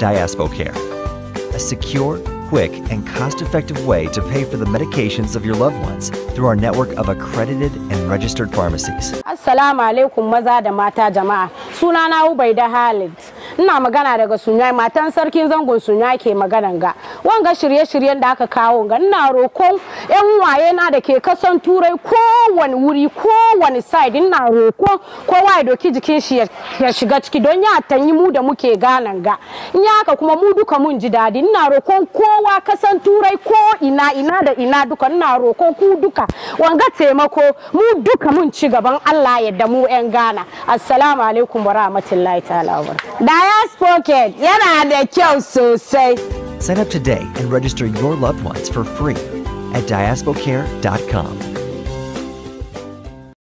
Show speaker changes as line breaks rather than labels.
DiaspoCare, a secure, quick, and cost-effective way to pay for the medications of your loved ones through our network of accredited and registered pharmacies.
Assalamu alaikum mata Sunana Ubaida ina magana daga sunyai matan sarkin zangon sunyai ke maganan ga wanga shirye-shiryen da aka kawo ga ina rokon yan waye na da ke kasan turai kowane wuri kowane side ina rokon kowa ya doki jikin shi ya shiga ciki don ya tanyi mu da muke ganan ga in haka kuma mu duka mun ji daɗi ina rokon kowa kasan turai ko. ina ina da ina duka ina roko ku duka wanga taimako mu duka mun ci gaban Allah yadda mu yan Ghana assalamu alaikum wa rahmatullahi ta'ala wa Diaspocket yana da kyau sosai
Sign up today and register your loved ones for free at diasporacare.com